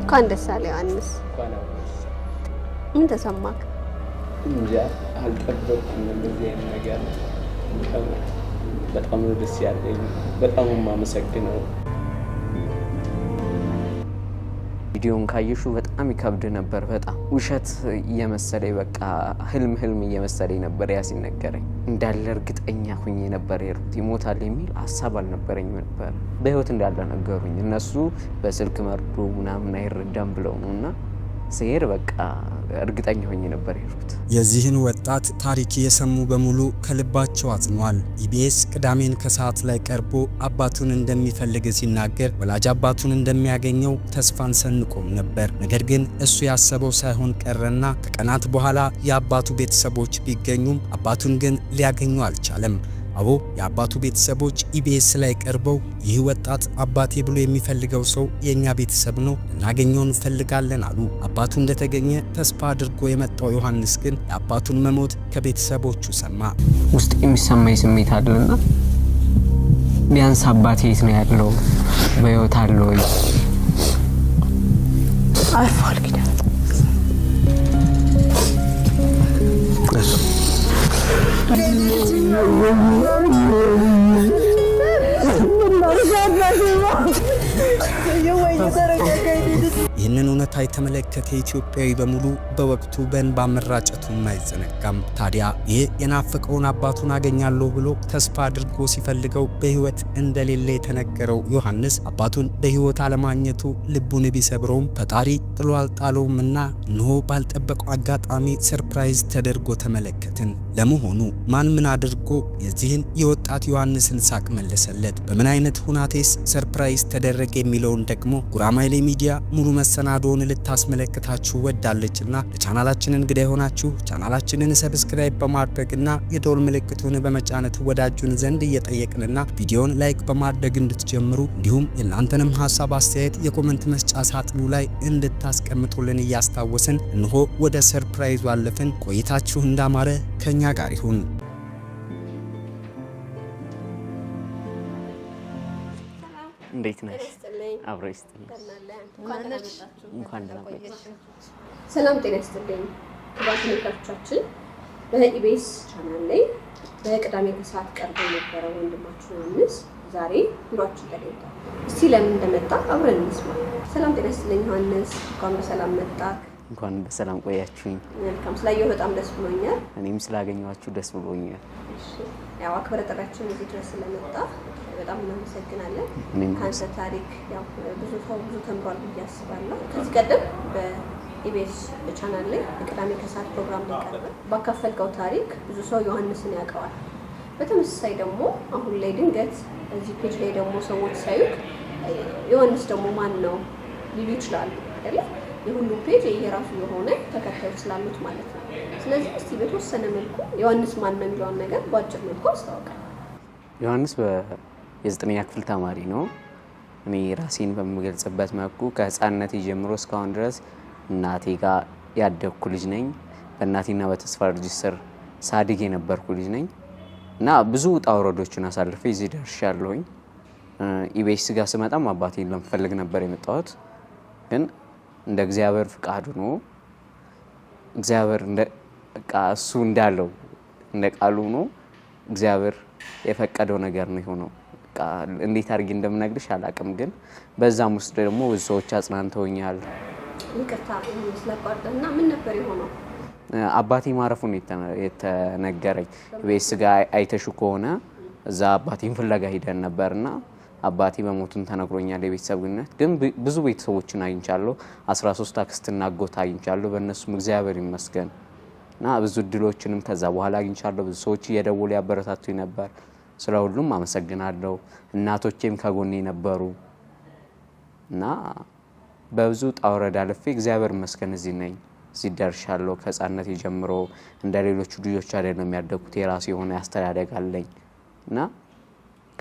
እንኳን ደስ አለ ዮሐንስ። ምን ተሰማክ? እንጃ አልጠበቅኩም እንደዚህ አይነት ነገር። በጣም ደስ ያለኝ፣ በጣም የማመሰግነው ቪዲዮን ካየሹ በጣም ይከብድ ነበር። በጣም ውሸት እየመሰለኝ በቃ ህልም ህልም እየመሰለኝ ነበር ያ ሲነገረኝ። እንዳለ እርግጠኛ ሁኝ ነበር የሩት ይሞታል የሚል ሀሳብ አልነበረኝም ነበር። በህይወት እንዳለ ነገሩኝ እነሱ በስልክ መርዶ ምናምን አይረዳም ብለው ነው እና ስሄድ በቃ እርግጠኛ ሆኜ ነበር የሄድኩት። የዚህን ወጣት ታሪክ የሰሙ በሙሉ ከልባቸው አዝኗል። ኢቢኤስ ቅዳሜን ከሰዓት ላይ ቀርቦ አባቱን እንደሚፈልግ ሲናገር ወላጅ አባቱን እንደሚያገኘው ተስፋን ሰንቆም ነበር። ነገር ግን እሱ ያሰበው ሳይሆን ቀረና ከቀናት በኋላ የአባቱ ቤተሰቦች ቢገኙም አባቱን ግን ሊያገኙ አልቻለም። አቦ የአባቱ ቤተሰቦች ኢቢኤስ ላይ ቀርበው ይህ ወጣት አባቴ ብሎ የሚፈልገው ሰው የእኛ ቤተሰብ ነው፣ እናገኘው እንፈልጋለን አሉ። አባቱ እንደተገኘ ተስፋ አድርጎ የመጣው ዮሐንስ ግን የአባቱን መሞት ከቤተሰቦቹ ሰማ። ውስጥ የሚሰማኝ ስሜት አለና ቢያንስ አባቴ የት ነው ያለው? በህይወት አለ ወይ? አርፏል Yung way niya talaga kayo dito. ይህንን እውነታ የተመለከተ ኢትዮጵያዊ በሙሉ በወቅቱ በእንባ መራጨቱም አይዘነጋም። ታዲያ ይህ የናፈቀውን አባቱን አገኛለሁ ብሎ ተስፋ አድርጎ ሲፈልገው በህይወት እንደሌለ የተነገረው ዮሐንስ አባቱን በህይወት አለማግኘቱ ልቡን ቢሰብረውም ፈጣሪ ጥሎ አልጣለውም እና እንሆ ባልጠበቀው አጋጣሚ ሰርፕራይዝ ተደርጎ ተመለከትን። ለመሆኑ ማን ምን አድርጎ የዚህን የወጣት ዮሐንስን ሳቅ መለሰለት? በምን አይነት ሁናቴስ ሰርፕራይዝ ተደረገ? የሚለውን ደግሞ ጉራማይሌ ሚዲያ ሙሉ መሰናዶውን ልታስመለክታችሁ ወዳለችና ለቻናላችን እንግዳ የሆናችሁ ቻናላችንን ሰብስክራይብ እና የደወል ምልክቱን በመጫነት ወዳጁን ዘንድ እየጠየቅንና ቪዲዮን ላይክ በማድረግ እንድትጀምሩ እንዲሁም የእናንተንም ሀሳብ አስተያየት የኮመንት መስጫ ሳጥኑ ላይ እንድታስቀምጡልን እያስታወስን እንሆ ወደ ሰርፕራይዙ አለፍን። ቆይታችሁ እንዳማረ ከኛ ጋር ይሁን። እንዴት ነሽ? አብሮ ይስጥልኝ። እንኳን ደህና ቆየሽ። ሰላም ጤና ይስጥልኝ። ክቡራን ተመልካቾቻችን በኢቢኤስ ቻናል ላይ በቅዳሜ ከሰዓት ቀርቦ የነበረው ወንድማችን ዮሐንስ ዛሬ ኑሯችን ተገኝቷል። እስቲ ለምን እንደመጣ አብረን እንስማ። ሰላም ጤና ይስጥልኝ ዮሐንስ፣ እንኳን በሰላም መጣ። እንኳን በሰላም ቆያችሁኝ። መልካም ስላየሁ በጣም ደስ ብሎኛል። እኔም ስላገኘኋችሁ ደስ ብሎኛል። ያው አክብረ ጥሪያችን እዚህ ድረስ ስለመጣ በጣም እናመሰግናለን። ከአንተ ታሪክ ያው ብዙ ሰው ብዙ ተምሯል ብዬ አስባለሁ። ከዚህ ቀደም በኢቢኤስ ቻናል ላይ የቅዳሜ ከሰዓት ፕሮግራም ላይ ቀርበ። ባካፈልከው ታሪክ ብዙ ሰው ዮሐንስን ያውቀዋል። በተመሳሳይ ደግሞ አሁን ላይ ድንገት እዚህ ፔጅ ላይ ደግሞ ሰዎች ሳዩት ዮሐንስ ደግሞ ማን ነው ሊሉ ይችላሉ አይደለ? የሁሉም ፔጅ የራሱ የሆነ ተከታዮች ስላሉት ማለት ነው። ስለዚህ እስቲ በተወሰነ መልኩ ዮሐንስ ማን ነው የሚለውን ነገር በአጭር መልኩ አስተዋውቃል። ዮሐንስ የዘጠነኛ ክፍል ተማሪ ነው። እኔ ራሴን በምገልጽበት መልኩ ከህፃንነት ጀምሮ እስካሁን ድረስ እናቴ ጋር ያደግኩ ልጅ ነኝ። በእናቴና በተስፋ ልጅ ስር ሳድግ የነበርኩ ልጅ ነኝ እና ብዙ ውጣ ውረዶችን አሳልፌ እዚህ ደርሻለሁኝ። ኢቤስ ጋር ስመጣም አባቴን ለምፈልግ ነበር የመጣሁት ግን እንደ እግዚአብሔር ፍቃድ ነው። እግዚአብሔር እሱ እንዳለው እንደ ቃሉ ሆኖ እግዚአብሔር የፈቀደው ነገር ነው የሆነው። እንዴት አድርጌ እንደምነግርሽ አላቅም፣ ግን በዛም ውስጥ ደግሞ ብዙ ሰዎች አጽናንተውኛል። ይቅርታ ምን ነበር የሆነው? አባቴ ማረፉን የተነገረኝ ቤስ ጋር አይተሹ ከሆነ እዛ አባቴን ፍለጋ ሂደን ነበርና አባቴ መሞቱን ተነግሮኛል። የቤተሰብ ግንኙነት ግን ብዙ ቤተሰቦችን አግኝቻለሁ። 13 አክስትና አጎት አግኝቻለሁ። በእነሱም እግዚአብሔር ይመስገን እና ብዙ እድሎችንም ከዛ በኋላ አግኝቻለሁ። ብዙ ሰዎች እየደወሉ ያበረታቱ ነበር። ስለ ሁሉም አመሰግናለሁ። እናቶቼም ከጎኔ ነበሩ እና በብዙ ጣውረዳ ልፌ እግዚአብሔር ይመስገን እዚህ ነኝ፣ እዚህ ደርሻለሁ። ከህፃነት ጀምሮ እንደ ሌሎቹ ልጆች አይደለም ያደግኩት። የራሱ የሆነ ያስተዳደግ አለኝ እና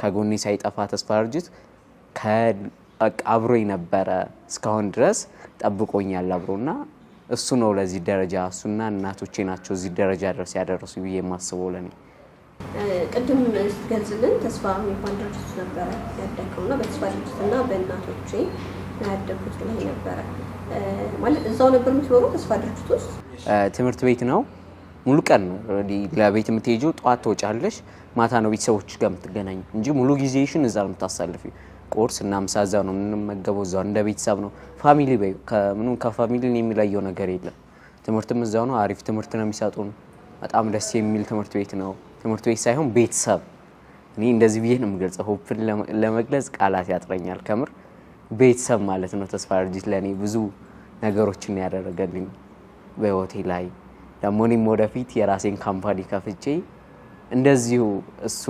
ከጎኔ ሳይጠፋ ተስፋ ድርጅት አብሮኝ ነበረ እስካሁን ድረስ ጠብቆኛል አብሮና እሱ ነው ለዚህ ደረጃ እሱና እናቶቼ ናቸው እዚህ ደረጃ ድረስ ያደረሱ ብዬ የማስበው ለኔ። ቅድም ስትገልጽልን ተስፋ የሚባል ድርጅት ነበረ ያደግከው እና በተስፋ ድርጅት ድርጅትና በእናቶቼ ያደግኩት ላይ ነበረ ማለት እዛው ነበር የምትኖረው ተስፋ ድርጅት ውስጥ ትምህርት ቤት ነው ሙሉ ቀን ነው ለቤት የምትሄጂው። ጠዋት ትወጫለሽ፣ ማታ ነው ቤተሰቦች ጋር የምትገናኙ እንጂ ሙሉ ጊዜሽን እዛ ነው የምታሳልፊ። ቁርስ እና ምሳ እዛ ነው የምንመገበው፣ እዛ እንደ ቤተሰብ ነው። ፋሚሊ በይ ምንም ከፋሚሊ የሚለየው ነገር የለም። ትምህርትም እዛው ነው። አሪፍ ትምህርት ነው የሚሰጡን። በጣም ደስ የሚል ትምህርት ቤት ነው። ትምህርት ቤት ሳይሆን ቤተሰብ። እኔ እንደዚህ ብዬ ነው የምገልጸው። ሆፕን ለመግለጽ ቃላት ያጥረኛል። ከምር ቤተሰብ ማለት ነው። ተስፋ ድርጅት ለእኔ ብዙ ነገሮችን ያደረገልኝ በህይወቴ ላይ ደግሞ እኔም ወደፊት የራሴን ካምፓኒ ከፍቼ እንደዚሁ እሱ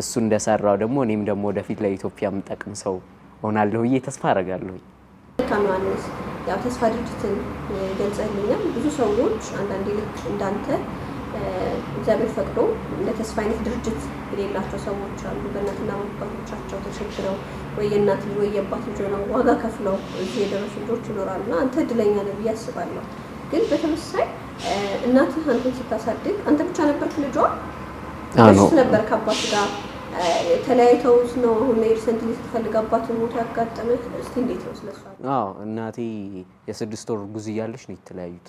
እሱ እንደሰራው ደግሞ እኔም ደግሞ ወደፊት ለኢትዮጵያ የምጠቅም ሰው ሆናለሁ ብዬ ተስፋ አደርጋለሁ። ያው ተስፋ ድርጅትን ገልጸልኛል። ብዙ ሰዎች አንዳንዴ ልክ እንዳንተ እግዚአብሔር ፈቅዶ እንደ ተስፋ አይነት ድርጅት የሌላቸው ሰዎች አሉ። በእናትና አባቶቻቸው ተቸግረው ወይ የእናት ልጅ ወይ የአባት ልጅ ሆነው ዋጋ ከፍለው እዚህ የደረሱ ልጆች ይኖራሉ እና አንተ እድለኛ ነህ ብዬ አስባለሁ። ግን በተመሳሳይ እናትህ አንተን ስታሳድግ አንተ ብቻ ነበርክ ልጇ ስ ነበር ከአባት ጋር ተለያይተውስ ነው አሁን ኤርሰንት ልጅ ስትፈልግ አባት ሞት ያጋጠመ እስቲ እንዴት ነው ስለሷ? አዎ እናቴ የስድስት ወር ጉዝ እያለች ነው የተለያዩት።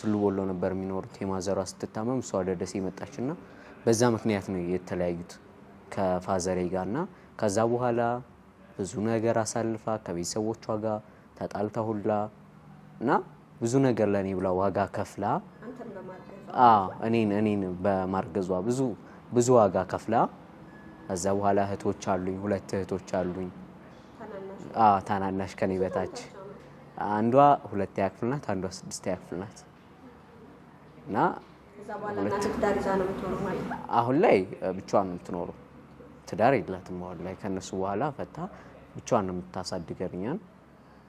ቱሉ ወሎ ነበር የሚኖሩት። የማዘሯ ስትታመም እሷ ወደ ደሴ መጣች እና በዛ ምክንያት ነው የተለያዩት ከፋዘሬ ጋር እና ከዛ በኋላ ብዙ ነገር አሳልፋ ከቤተሰቦቿ ጋር ተጣልታ ሁላ እና ብዙ ነገር ለእኔ ብላ ዋጋ ከፍላ እኔን እኔን በማርገዟ ብዙ ብዙ ዋጋ ከፍላ እዛ በኋላ እህቶች አሉኝ፣ ሁለት እህቶች አሉኝ ታናናሽ ከኔ በታች አንዷ ሁለት ክፍል ናት፣ አንዷ ስድስት ክፍል ናት። እና አሁን ላይ ብቻዋን ነው የምትኖረው። ትዳር የላትም። አሁን ላይ ከእነሱ በኋላ ፈታ ብቻዋን ነው የምታሳድገርኛን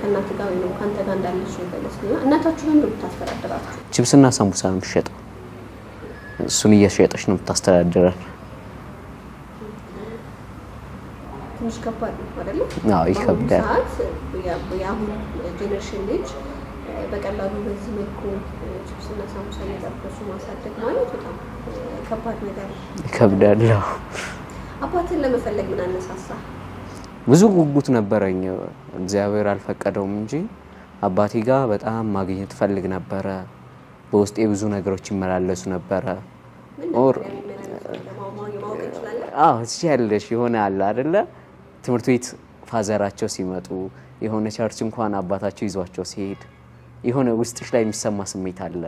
ከእናት ጋር ወይም ከአንተ ጋር እንዳለች ገለጽ። እናታችሁ በምን ብታስተዳድራችሁ? ችብስና ሳምቡሳ ነው የምትሸጠው። እሱን እየሸጠች ነው የምታስተዳድረን። ትንሽ ከባድ ነው አይደለ? አዎ ይከብዳል። የአሁን ጄኔሬሽን ልጅ በቀላሉ በዚህ መልኩ ችብስና ሳምቡሳ እየጠበሱ ማሳደግ ማለት በጣም ከባድ ነገር ነው። ይከብዳል። አባትን ለመፈለግ ምን አነሳሳ? ብዙ ጉጉት ነበረኝ። እግዚአብሔር አልፈቀደውም እንጂ አባቴ ጋር በጣም ማግኘት ፈልግ ነበረ። በውስጤ ብዙ ነገሮች ይመላለሱ ነበረ። ያለሽ የሆነ አለ አደለ ትምህርት ቤት ፋዘራቸው ሲመጡ የሆነ ቸርች እንኳን አባታቸው ይዟቸው ሲሄድ የሆነ ውስጥሽ ላይ የሚሰማ ስሜት አለ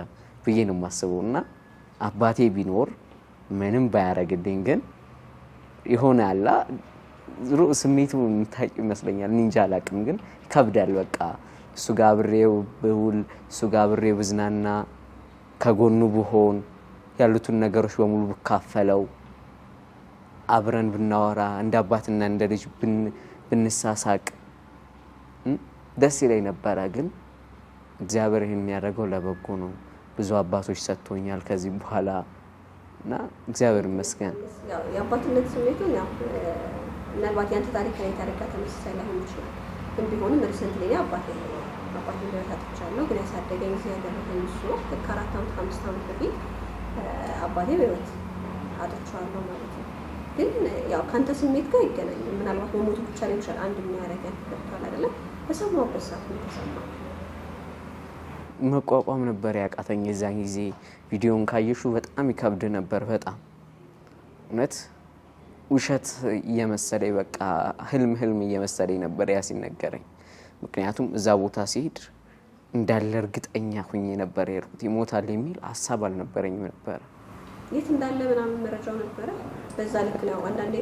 ብዬ ነው የማስበው። እና አባቴ ቢኖር ምንም ባያረግልኝ ግን የሆነ አላ ሩቅ ስሜቱ የምታውቂው ይመስለኛል። እኔ እንጃ አላውቅም፣ ግን ይከብዳል። በቃ እሱ ጋር አብሬው ብውል፣ እሱ ጋር አብሬው ብዝናና፣ ከጎኑ ብሆን፣ ያሉትን ነገሮች በሙሉ ብካፈለው፣ አብረን ብናወራ፣ እንደ አባትና እንደ ልጅ ብንሳሳቅ ደስ ይለኝ ነበረ። ግን እግዚአብሔር ይህን የሚያደርገው ለበጎ ነው። ብዙ አባቶች ሰጥቶኛል ከዚህ በኋላ እና እግዚአብሔር ይመስገን የአባትነት ስሜቱ ምናልባት ያንተ ታሪክ ከኔ ታሪክ ጋር ተመሳሳይ ላይሆን ይችላል። ግን ቢሆንም ሪሰንት ላይ አባት አባቴ አጥቻለሁ። ግን ያሳደገኝ ጊዜ ያደረገኝ እሱ ከአራት ዓመት ከአምስት ዓመት በፊት አባቴ በህይወት አጥቻለሁ ማለት ነው። ግን ያው ከአንተ ስሜት ጋር ይገናኝ ምናልባት መሞቱ ብቻ ላይ ይችላል አንድ የሚያደርገን ገብቷል አይደለም። በሰማሁበት ሰዓት ነው ተሰማ መቋቋም ነበር ያቃተኝ የዛን ጊዜ ቪዲዮን ካየሹ በጣም ይከብድ ነበር። በጣም እውነት ውሸት እየመሰለኝ በቃ ህልም ህልም እየመሰለኝ ነበር ያ ሲነገረኝ። ምክንያቱም እዛ ቦታ ሲሄድ እንዳለ እርግጠኛ ሁኝ ነበር የሄድኩት። ይሞታል የሚል ሀሳብ አልነበረኝም ነበረ የት እንዳለ ምናምን መረጃው ነበረ። በዛ ልክ ነው። አንዳንዴ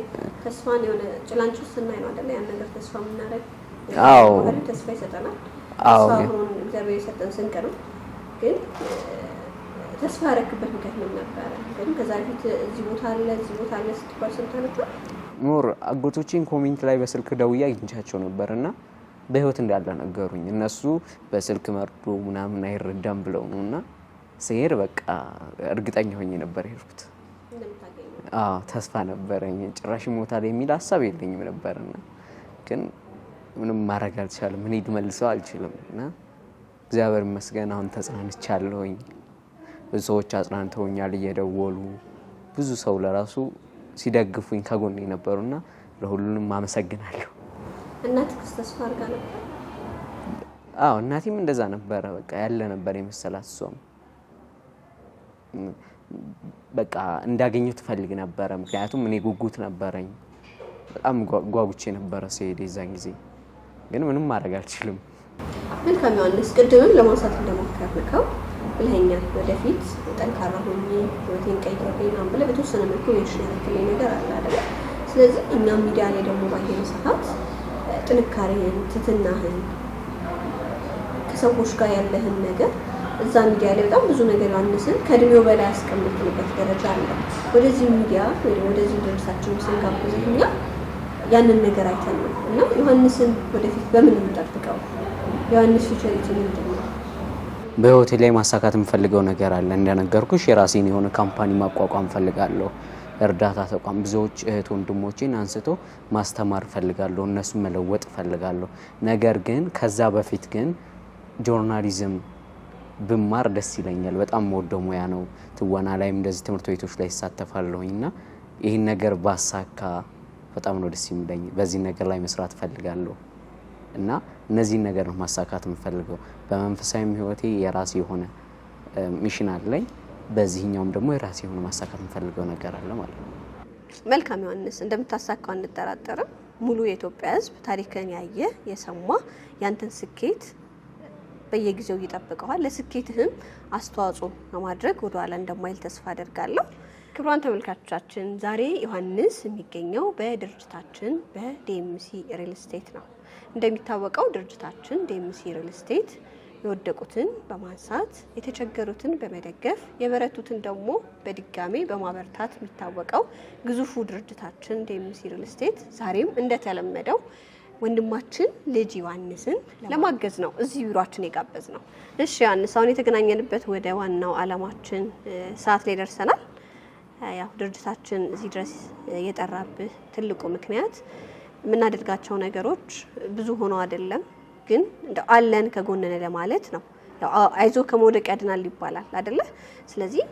ተስፋን የሆነ ጭላንጭል ስናይ ነው አይደለ? ያን ነገር ተስፋ የምናደርግ ተስፋ ይሰጠናል። አሁን እግዚአብሔር የሰጠን ስንቅ ነው ግን ተስፋ ያረክበት ምክንያት ምን ነበረ? ምክንያቱም ከዛ በፊት እዚህ ቦታ አለ እዚህ ቦታ አለ ስትባል ሰምተህ ነበር? ሞር አጎቶቼን ኮሜንት ላይ በስልክ ደውዬ አግኝቻቸው ነበር እና በህይወት እንዳለ ነገሩኝ። እነሱ በስልክ መርዶ ምናምን አይረዳም ብለው ነው እና ስሄድ በቃ እርግጠኛ ሆኜ ነበር የሄድኩት። ተስፋ ነበረኝ። ጭራሽ ሞታል የሚል ሀሳብ የለኝም ነበር ነበርና ግን ምንም ማድረግ አልቻለም። እኔ ልመልሰው አልችልም እና እግዚአብሔር ይመስገን አሁን ተጽናንቻለሁኝ። ብዙ ሰዎች አጽናንተውኛል እየደወሉ ብዙ ሰው ለራሱ ሲደግፉኝ ከጎን የነበሩና ለሁሉንም አመሰግናለሁ። ነበር? አዎ እናቴም እንደዛ ነበረ። በቃ ያለ ነበር የመሰላት እሷም በቃ እንዳገኘው ትፈልግ ነበረ። ምክንያቱም እኔ ጉጉት ነበረኝ፣ በጣም ጓጉቼ ነበረ ሲሄድ የዛን ጊዜ ግን ምንም ማድረግ አልችልም። መልካም ዮሐንስ፣ ቅድምም ለማንሳት እንደሞከርከው ብለኛል። ወደፊት ጠንካራ ሆኜ ህይወቴን ቀይሬ ምናምን ብለህ በተወሰነ መልኩ የሽነክልኝ ነገር አለ አይደለ? ስለዚህ እኛ ሚዲያ ላይ ደግሞ ባየን ሰዓት ጥንካሬህን፣ ትትናህን፣ ከሰዎች ጋር ያለህን ነገር እዛ ሚዲያ ላይ በጣም ብዙ ነገር አንስን ከእድሜው በላይ ያስቀምጥንበት ደረጃ አለ። ወደዚህ ሚዲያ ወይም ወደዚህ ደርሳችን ስንጋብዝ እኛ ያንን ነገር አይተን ነው እና ዮሐንስን ወደፊት በምን እንጠብቀው? ዮሐንስ ፊቸሪቲ ምንድን ነው? በህይወቴ ላይ ማሳካት የምፈልገው ነገር አለ። እንደነገርኩሽ የራሴን የሆነ ካምፓኒ ማቋቋም ፈልጋለሁ። እርዳታ ተቋም ብዙዎች እህት ወንድሞቼን አንስቶ ማስተማር ፈልጋለሁ። እነሱ መለወጥ ፈልጋለሁ። ነገር ግን ከዛ በፊት ግን ጆርናሊዝም ብማር ደስ ይለኛል። በጣም ወደ ሙያ ነው። ትወና ላይም እንደዚህ ትምህርት ቤቶች ላይ ይሳተፋለሁኝ እና ይህን ነገር ባሳካ በጣም ነው ደስ የሚለኝ። በዚህ ነገር ላይ መስራት ፈልጋለሁ እና እነዚህን ነገር ነው ማሳካት የምፈልገው። በመንፈሳዊም ህይወቴ የራሴ የሆነ ሚሽን አለኝ። በዚህኛውም ደግሞ የራሴ የሆነ ማሳካት የምፈልገው ነገር አለ ማለት ነው። መልካም ዮሐንስ፣ እንደምታሳካው አንጠራጠርም። ሙሉ የኢትዮጵያ ህዝብ ታሪክን ያየ የሰማ ያንተን ስኬት በየጊዜው ይጠብቀዋል። ለስኬትህም አስተዋጽኦ ለማድረግ ወደ ኋላ እንደማይል ተስፋ አደርጋለሁ። ክቡራን ተመልካቾቻችን ዛሬ ዮሐንስ የሚገኘው በድርጅታችን በዲኤምሲ ሪል ስቴት ነው። እንደሚታወቀው ድርጅታችን ዴምሲ ሪል ስቴት የወደቁትን በማንሳት የተቸገሩትን በመደገፍ የበረቱትን ደግሞ በድጋሜ በማበርታት የሚታወቀው ግዙፉ ድርጅታችን ዴምሲ ሪል ስቴት ዛሬም እንደተለመደው ወንድማችን ልጅ ዮሐንስን ለማገዝ ነው እዚህ ቢሯችን የጋበዝ ነው። እሺ ዮሐንስ፣ አሁን የተገናኘንበት ወደ ዋናው አላማችን ሰዓት ላይ ደርሰናል። ያው ድርጅታችን እዚህ ድረስ የጠራብህ ትልቁ ምክንያት የምናደርጋቸው ነገሮች ብዙ ሆኖ አይደለም ግን አለን ከጎንነ ለማለት ነው። አይዞ ከመውደቅ ያድናል ይባላል አይደለ? ስለዚህ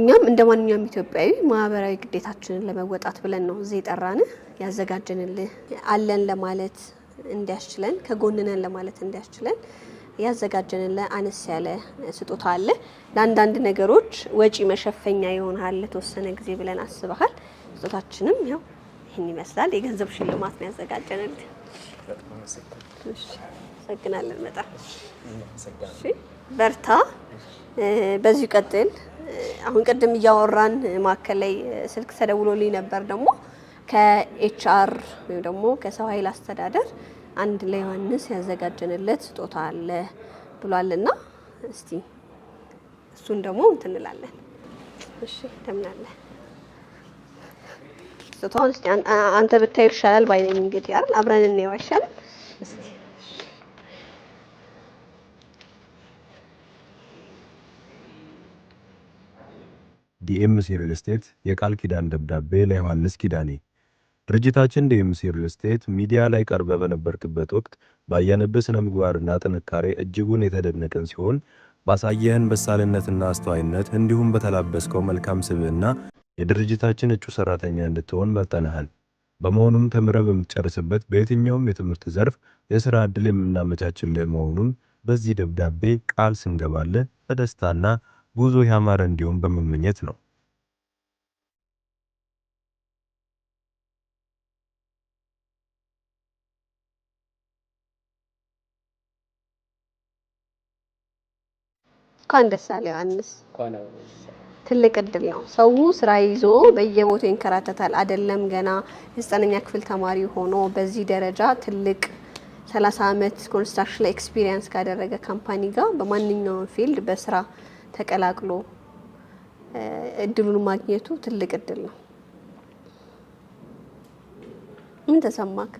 እኛም እንደ ማንኛውም ኢትዮጵያዊ ማህበራዊ ግዴታችንን ለመወጣት ብለን ነው እዚህ የጠራንህ ያዘጋጀንልህ አለን ለማለት እንዲያስችለን ከጎንነን ለማለት እንዲያስችለን ያዘጋጀንልህ አነስ ያለ ስጦታ አለ። ለአንዳንድ ነገሮች ወጪ መሸፈኛ ይሆናል ለተወሰነ ጊዜ ብለን አስበሃል። ስጦታችንም ያው ይህን ይመስላል። የገንዘብ ሽልማት ነው ያዘጋጀንልህ። አመሰግናለን በጣም በርታ፣ በዚሁ ቀጥል። አሁን ቅድም እያወራን ማዕከል ላይ ስልክ ተደውሎልኝ ነበር። ደግሞ ከኤችአር ወይም ደግሞ ከሰው ኃይል አስተዳደር አንድ ለዮሐንስ ዮሐንስ ያዘጋጀንለት ስጦታ አለ ብሏልና እስቲ እሱን ደግሞ እንትንላለን። እሺ እንደምን አለ ስቶን እስቲ አንተ ብታዩ ይሻላል ባይነኝ እንግዲህ አይደል? አብረን እንየው አይሻልም? እስቲ ዲኤምሲ ሪል ስቴት የቃል ኪዳን ደብዳቤ ለዮሐንስ ኪዳኔ። ድርጅታችን ዲኤምሲ ሪል ስቴት ሚዲያ ላይ ቀርበ በነበርክበት ወቅት ባየንብህ ስነ ምግባርና ጥንካሬ እጅጉን የተደነቅን ሲሆን ባሳየህን በሳልነትና አስተዋይነት እንዲሁም በተላበስከው መልካም ስብዕና የድርጅታችን እጩ ሰራተኛ እንድትሆን መርጠንሃል። በመሆኑም ተምረ በምትጨርስበት በየትኛውም የትምህርት ዘርፍ የሥራ ዕድል የምናመቻችልህ መሆኑን በዚህ ደብዳቤ ቃል ስንገባለ በደስታና ጉዞ ያማረ እንዲሆን በመመኘት ነው። እንኳን ደስ አለህ ዮሐንስ። ትልቅ እድል ነው። ሰው ስራ ይዞ በየቦታው ይንከራተታል። አይደለም ገና የዘጠነኛ ክፍል ተማሪ ሆኖ በዚህ ደረጃ ትልቅ 30 ዓመት ኮንስትራክሽን ላይ ኤክስፒሪየንስ ካደረገ ካምፓኒ ጋር በማንኛውም ፊልድ በስራ ተቀላቅሎ እድሉን ማግኘቱ ትልቅ እድል ነው። ምን ተሰማክ?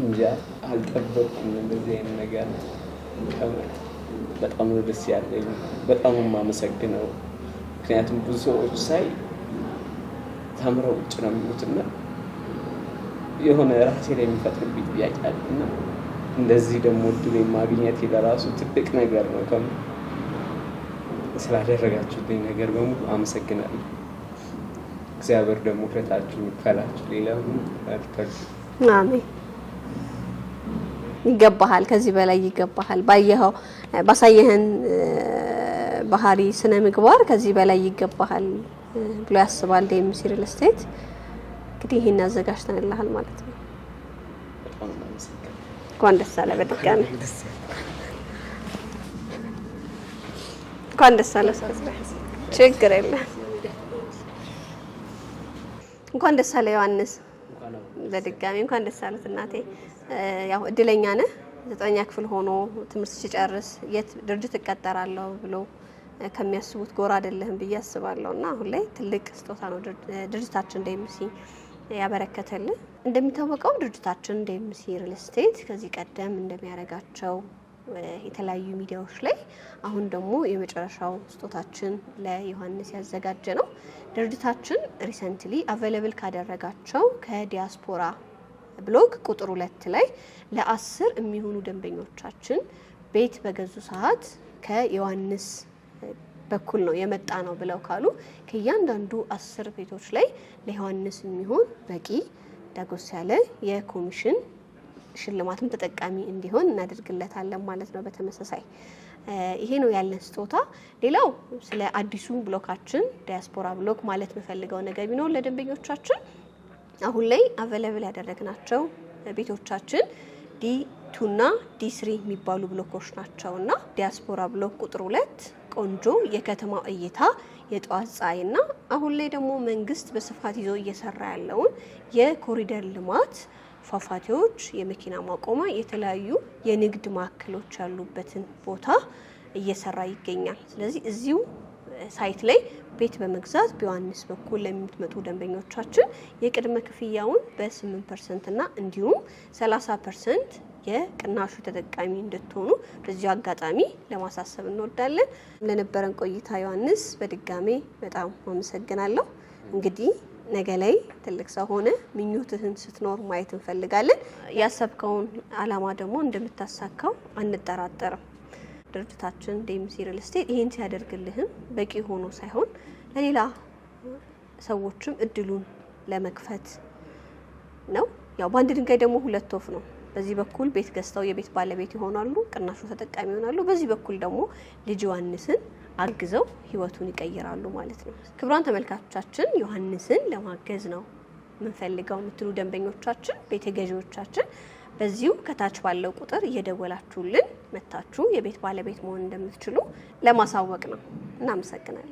እንጃ አልጠበቅኩም እንደዚህ አይነት ነገር። በጣም ነው ደስ ያለኝ። በጣም የማመሰግነው ምክንያቱም ብዙ ሰዎች ሳይ ተምረው ውጭ ነው የሚሉትና የሆነ ራሴ ላይ የሚፈጥርብኝ ጥያቄ አለ እና እንደዚህ ደግሞ እድል የማግኘት ለራሱ ትልቅ ነገር ነው። ከም ስላደረጋችሁልኝ ነገር በሙሉ አመሰግናለሁ። እግዚአብሔር ደግሞ ሁለታችሁ ይክፈላችሁ። ሌላ አሜን። ይገባሃል፣ ከዚህ በላይ ይገባሃል። ባየኸው ባሳየህን ባህሪ፣ ስነ ምግባር ከዚህ በላይ ይገባሃል ብሎ ያስባል ዴምሲ ሪል ስቴት። እንግዲህ ይህን አዘጋጅተንልሃል ማለት ነው። እንኳን ደስ አለ በድጋሚ እንኳን ደስ አለ። ችግር የለ። እንኳን ደስ አለ ዮሐንስ፣ በድጋሚ እንኳን ደስ አለት እናቴ። ያው እድለኛ ነህ። ዘጠኛ ክፍል ሆኖ ትምህርት ሲጨርስ የት ድርጅት እቀጠራለሁ ብሎ ከሚያስቡት ጎራ አይደለህም ብዬ አስባለሁ እና አሁን ላይ ትልቅ ስጦታ ነው ድርጅታችን ዴምሲ ያበረከተልን። እንደሚታወቀው ድርጅታችን ዴምሲ ሪል ስቴት ከዚህ ቀደም እንደሚያደርጋቸው የተለያዩ ሚዲያዎች ላይ አሁን ደግሞ የመጨረሻው ስጦታችን ለዮሐንስ ያዘጋጀ ነው። ድርጅታችን ሪሰንትሊ አቬለብል ካደረጋቸው ከዲያስፖራ ብሎግ ቁጥር ሁለት ላይ ለአስር የሚሆኑ ደንበኞቻችን ቤት በገዙ ሰዓት ከዮሐንስ በኩል ነው የመጣ ነው ብለው ካሉ ከእያንዳንዱ አስር ቤቶች ላይ ለዮሐንስ የሚሆን በቂ ዳጎስ ያለ የኮሚሽን ሽልማትም ተጠቃሚ እንዲሆን እናደርግለታለን ማለት ነው። በተመሳሳይ ይሄ ነው ያለን ስጦታ። ሌላው ስለ አዲሱ ብሎካችን ዲያስፖራ ብሎክ ማለት የምፈልገው ነገር ቢኖር ለደንበኞቻችን አሁን ላይ አቬለብል ያደረግናቸው ቤቶቻችን ዲ ቱና ዲ ስሪ የሚባሉ ብሎኮች ናቸው እና ዲያስፖራ ብሎክ ቁጥር ሁለት ቆንጆ የከተማ እይታ የጠዋት ፀሐይና አሁን ላይ ደግሞ መንግስት በስፋት ይዞ እየሰራ ያለውን የኮሪደር ልማት ፏፏቴዎች፣ የመኪና ማቆሚያ፣ የተለያዩ የንግድ ማዕከሎች ያሉበትን ቦታ እየሰራ ይገኛል። ስለዚህ እዚሁ ሳይት ላይ ቤት በመግዛት በዮሐንስ በኩል ለሚመጡ ደንበኞቻችን የቅድመ ክፍያውን በ8 ፐርሰንት እና እንዲሁም 30 ፐርሰንት የቅናሹ ተጠቃሚ እንድትሆኑ በዚሁ አጋጣሚ ለማሳሰብ እንወዳለን። ለነበረን ቆይታ ዮሐንስ በድጋሜ በጣም አመሰግናለሁ። እንግዲህ ነገ ላይ ትልቅ ሰው ሆነ ምኞትህን ስትኖር ማየት እንፈልጋለን። ያሰብከውን አላማ ደግሞ እንደምታሳካው አንጠራጠርም። ድርጅታችን ዴምሲ ሪል ስቴት ይህን ሲያደርግልህም በቂ ሆኖ ሳይሆን ለሌላ ሰዎችም እድሉን ለመክፈት ነው። ያው በአንድ ድንጋይ ደግሞ ሁለት ወፍ ነው። በዚህ በኩል ቤት ገዝተው የቤት ባለቤት ይሆናሉ፣ ቅናሹ ተጠቃሚ ይሆናሉ። በዚህ በኩል ደግሞ ልጅ ዮሐንስን አግዘው ህይወቱን ይቀይራሉ ማለት ነው። ክቡራን ተመልካቾቻችን ዮሐንስን ለማገዝ ነው የምንፈልገው የምትሉ ደንበኞቻችን፣ ቤተ ገዢዎቻችን በዚሁ ከታች ባለው ቁጥር እየደወላችሁልን መታችሁ የቤት ባለቤት መሆን እንደምትችሉ ለማሳወቅ ነው። እናመሰግናለን።